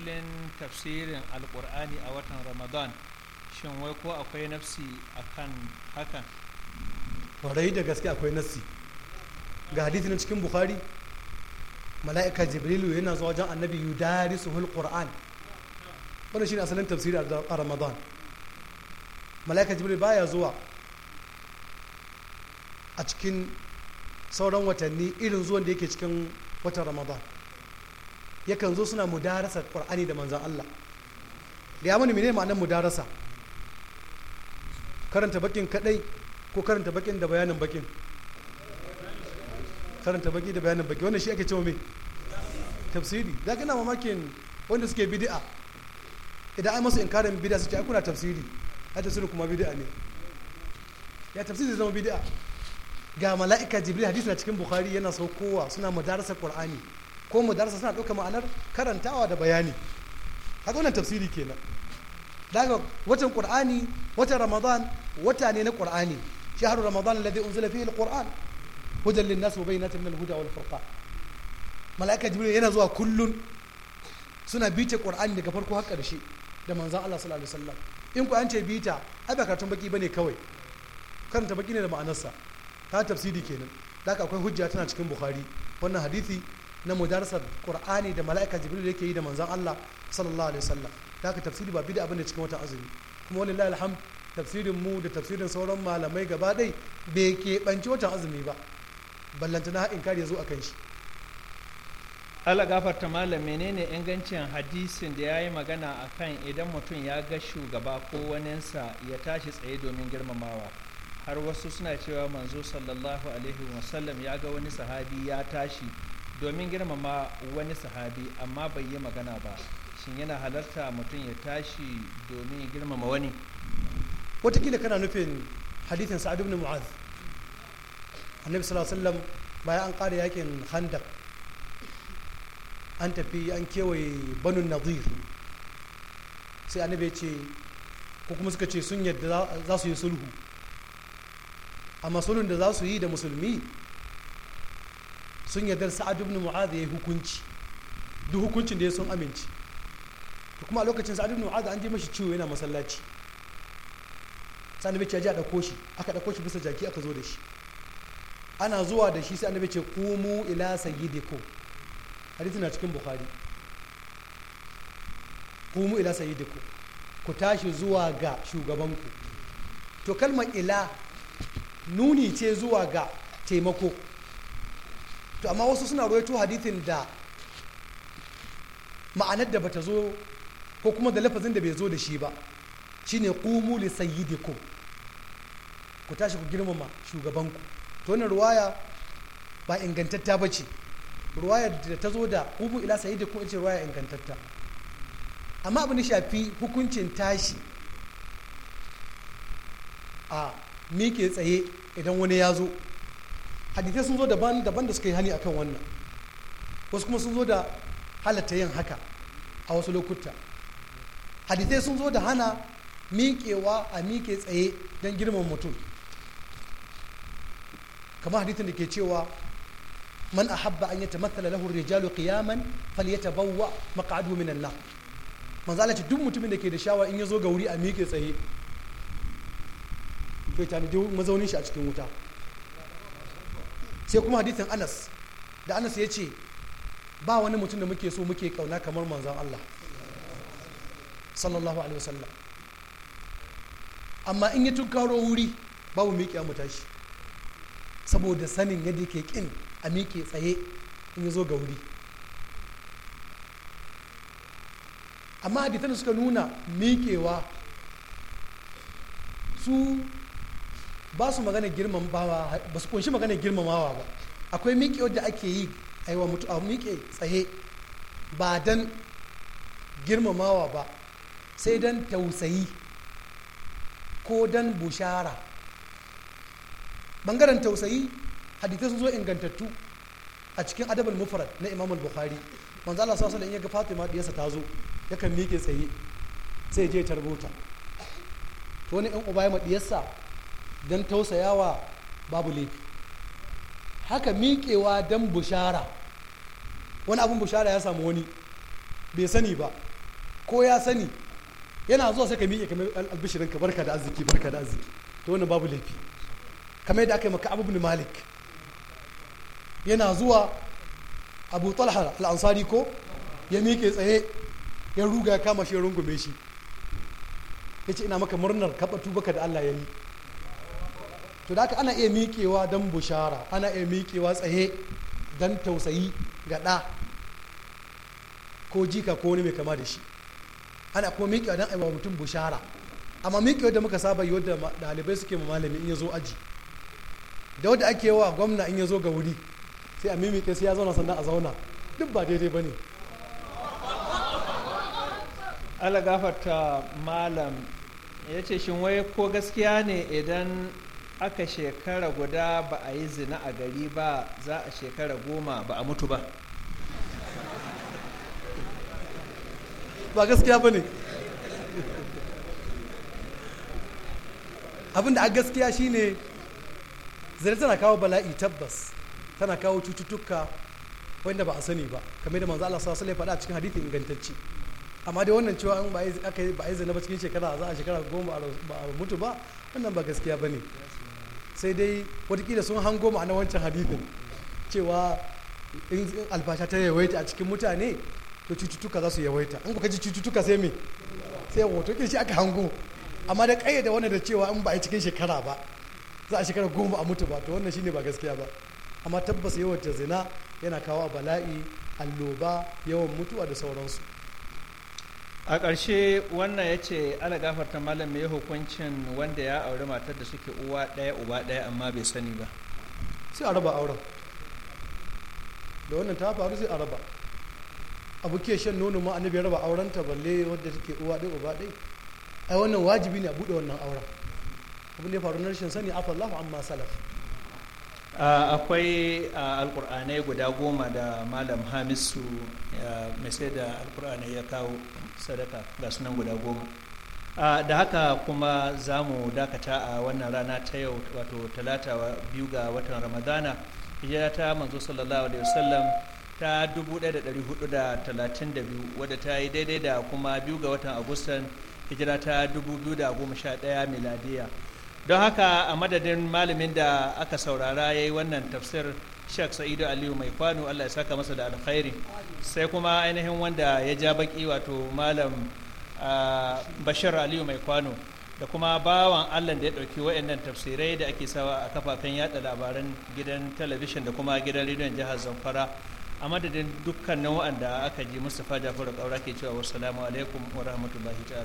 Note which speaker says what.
Speaker 1: filin tafsirin alkur'ani a watan ramadan shin wai ko akwai nafsi akan hakan
Speaker 2: kwarai da gaske akwai nafsi ga hadithi na cikin bukhari mala'ika jibrilu yana zuwa wajen annabi yudarisuhul qur'an wannan shine asalin tafsiri a ramadan mala'ika jibrilu baya zuwa a cikin sauran watanni irin zuwan da yake cikin watan ramadan yakan zo suna mudarasa qur'ani da manzan Allah da ya mani menene ma'anar mudarasa karanta bakin kadai ko karanta bakin da bayanin bakin karanta baki da bayanin baki wanda shi ake cewa mai tafsiri da kana mamakin wanda suke bidi'a idan an masu inkarin bid'a su ce ai kuna tafsiri ai tafsiri kuma bidi'a ne ya tafsiri zai zama bid'a ga mala'ika jibril hadisi na cikin bukhari yana saukowa suna madarasar qur'ani ko mu darasa suna ɗauka ma'anar karantawa da bayani kaga wannan tafsiri kenan daga watan qur'ani watan ramadan wata ne na qur'ani shahru ramadan alladhi unzila fihi alquran hudan linnas wa bayyinatin min alhuda wal furqan malaika jibril yana zuwa kullun suna bita qur'ani daga farko har karshe da manzon Allah sallallahu alaihi wasallam in ku an ce bita ai ba karatun baki bane kawai karanta baki ne da ma'anarsa ta tafsiri kenan daga akwai hujja tana cikin bukhari wannan hadisi na mudarsar qur'ani da mala'ika jibril yake yi da manzon Allah sallallahu alaihi wasallam da ka tafsiri ba bid'a bane cikin watan azumi kuma wallahi alhamd tafsirin mu da tafsirin sauran malamai gaba dai bai keɓanci watan azumi ba ballanta haɗin in kare zo akan shi
Speaker 1: Allah gafarta malam menene ingancin hadisin da ya yi magana a kan idan mutum ya ga shugaba ko waninsa ya tashi tsaye domin girmamawa har wasu suna cewa manzo sallallahu alaihi wasallam ya ga wani sahabi ya tashi domin girmama wani sahabi amma bai yi magana ba shin yana halarta mutum ya tashi domin ya girmama wani watakila kana
Speaker 2: nufin hadithin sa'ad ibn mu'az annabi sallallahu alaihi bayan an ƙara yakin handak an tafi an kewaye banu nadir sai annabi ya ce ko kuma suka ce sun yadda za su yi sulhu amma sulhun da za su yi da musulmi sun yadda sa'ad ibn mu'adh yayi hukunci duk hukuncin da ya sun amince to kuma a lokacin sa'ad ibn mu'adh an je mashi ciwo yana masallaci sai annabi ya ji a ɗauko shi aka ɗauko shi bisa jaki aka zo da shi ana zuwa da shi sai annabi ce kumu ila sayyidikum hadisi na cikin bukhari kumu ila sayyidikum ku tashi zuwa ga shugabanku to kalmar ila nuni ce zuwa ga taimako to amma wasu suna ruwaito hadithin da ma'anar da bata zo ko kuma da lafazin da bai zo da shi ba shine qumu li sayyidikum ku tashi ku girmama shugabanku to wannan ruwaya ba ingantatta ba ce ruwaya da ta zo da qumu ila sayyidikum ita ruwaya ingantatta amma abin shafi hukuncin tashi a mike tsaye idan wani ya zo hadithai sun zo daban daban da suka yi hani akan wannan wasu kuma sun zo da halatta yin haka a wasu lokuta hadithai sun zo da hana miƙewa a miƙe tsaye don girman mutum kamar hadithin da ke cewa man ahabba an yatamathala lahu rijalu qiyaman falyatabawwa maq'aduhu min Allah manzo Allah duk mutumin da ke da shawa in ya zo ga wuri a miƙe tsaye bai tanadi mazaunin shi a cikin wuta sai kuma hadithin anas da anas ya ce ba wani mutum da muke so muke kauna kamar manzan allah sallallahu alaihi wasallam amma in yi tunkaro wuri babu miƙe mu tashi saboda sanin yadda ke kin a miƙe tsaye in ya zo ga wuri amma haditan suka nuna miƙewa su ba su magana girmamawa ba su kunshi magana girmamawa ba akwai miƙe wadda ake yi aiwa mutu a miƙe tsaye ba dan girmamawa ba sai dan tausayi ko dan bushara bangaren tausayi hadithai sun zo ingantattu a cikin adabul mufrad na imam al-bukhari manzo Allah sallallahu alaihi wasallam ya ga Fatima diyarsa ta zo yakan miƙe tsaye sai je tarbuta to wani ɗan uba ya ma diyarsa don tausayawa babu laifi haka miƙewa don bushara wani abin bushara ya samu wani bai sani ba ko ya sani yana zuwa sai ka miƙe kamar albishirin ka barka da arziki barka da arziki to wannan babu laifi kamar yadda aka yi maka abu malik yana zuwa abu talha al'ansari ko ya miƙe tsaye ya ruga ya kama shi ya rungume shi ya ce ina maka murnar kaɓa tubaka da allah ya yi to da ana iya miƙewa don bushara ana iya miƙewa tsaye don tausayi ga ɗa ko jika ko wani mai kama da shi ana kuma miƙewa don aiwa mutum bushara amma miƙewa da muka saba yau da ɗalibai suke ma malami in ya zo aji da wadda ake wa gwamna in ya zo ga wuri sai a mimike sai ya zauna sannan a zauna duk ba daidai ba ne
Speaker 1: ala gafarta malam ya ce shin wai ko gaskiya ne idan aka shekara guda ba a yi zina a gari ba za a shekara goma ba a mutu ba
Speaker 2: ba gaskiya ba ne abinda a gaskiya shine zina tana kawo bala'i tabbas tana kawo cututtuka wanda ba a sani ba kamar da manzo Allah sallallahu alaihi a cikin hadithin ingantacci amma dai wannan cewa an ba a yi zina ba cikin shekara za a shekara goma ba a mutu ba wannan ba gaskiya ba ne sai dai watakila sun hango ma'ana wancan hadithin cewa in albasha ta yawaita a cikin mutane to cututtuka za su yawaita in kuka ji cututtuka sai me sai wato kin shi aka hango amma da kayyade wannan da cewa in ba a cikin shekara ba za a shekara goma a mutu ba to wannan shine ba gaskiya ba amma tabbas yawan zina yana kawo a bala'i alloba yawan mutuwa da sauransu
Speaker 1: a ƙarshe wannan ya ce ala gafarta malam mai hukuncin wanda ya auri matar da suke uwa ɗaya uba ɗaya amma bai sani ba
Speaker 2: sai a raba auren da wannan ta faru sai a raba abu ke shan nono ma annabi raba auren ta balle wadda suke uwa ɗaya uba ɗaya ai wannan wajibi ne a buɗe wannan auren abu ne ya faru na rashin sani fallahu amma salaf
Speaker 1: akwai alkur'anai guda goma da malam hamisu mai sai da alkur'anai ya kawo sadaka ga sunan guda goma da haka kuma za mu dakata a wannan rana ta yau wato talata biyu ga watan ramadana hijira ta manzo sallallahu alaihi wasallam ta 1432 wadda ta yi daidai da kuma biyu ga watan agustan hijira ta 2011 miladiya don haka a madadin malamin da aka saurara ya yi wannan tafsir Sheikh Sa'idu Aliyu mai kwano Allah ya saka masa da alkhairi sai kuma ainihin wanda ya ja baki wato malam Bashir Aliyu mai kwano da kuma bawan Allah da ya ɗauki waɗannan tafsirai da ake sawa a kafafen yada labaran gidan talabishin da kuma gidan rediyon jihar Zamfara a madadin dukkanin waɗanda aka ji Mustapha Jafaru Kaura ke cewa wassalamu alaikum wa rahmatullahi ta'ala